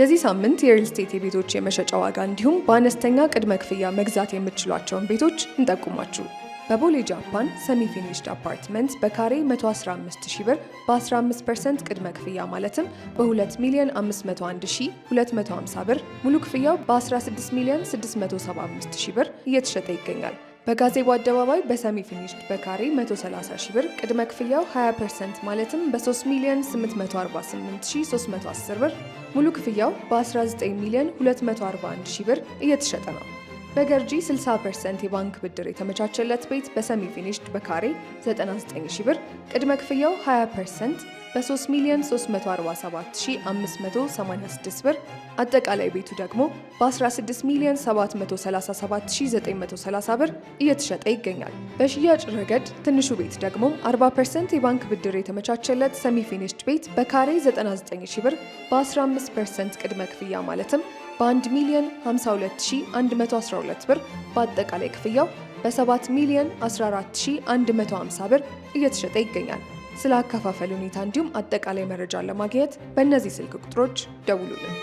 የዚህ ሳምንት የሪል ስቴት የቤቶች የመሸጫ ዋጋ እንዲሁም በአነስተኛ ቅድመ ክፍያ መግዛት የምትችሏቸውን ቤቶች እንጠቁማችሁ። በቦሌ ጃፓን ሰሚ ፊኒሽድ አፓርትመንት በካሬ 115 ሺ ብር በ15 ቅድመ ክፍያ ማለትም በ2 ሚሊዮን 501 ሺ 250 ብር ሙሉ ክፍያው በ16 ሚሊዮን 675 ሺ ብር እየተሸጠ ይገኛል። በጋዜቦ አደባባይ በሰሚ ፊኒሽድ በካሬ 130 ሺ ብር ቅድመ ክፍያው 20 ፐርሰንት ማለትም በ3 ሚሊዮን 848310 ብር፣ ሙሉ ክፍያው በ19 ሚሊዮን 241 ሺ ብር እየተሸጠ ነው። በገርጂ 60 ፐርሰንት የባንክ ብድር የተመቻቸለት ቤት በሰሚ ፊኒሽድ በካሬ 99 ሺ ብር ቅድመ ክፍያው 20 ፐርሰንት በ3 ሚሊዮን 347586 ብር አጠቃላይ ቤቱ ደግሞ በ16 ሚሊዮን 737930 ብር እየተሸጠ ይገኛል። በሽያጭ ረገድ ትንሹ ቤት ደግሞ 40% የባንክ ብድር የተመቻቸለት ሰሚ ፊኒሽድ ቤት በካሬ 99 ብር በ15% ቅድመ ክፍያ ማለትም በ1 ሚሊዮን 52112 ብር በአጠቃላይ ክፍያው በ7 ሚሊዮን 14150 ብር እየተሸጠ ይገኛል። ስለ አከፋፈል ሁኔታ እንዲሁም አጠቃላይ መረጃ ለማግኘት በእነዚህ ስልክ ቁጥሮች ደውሉልን።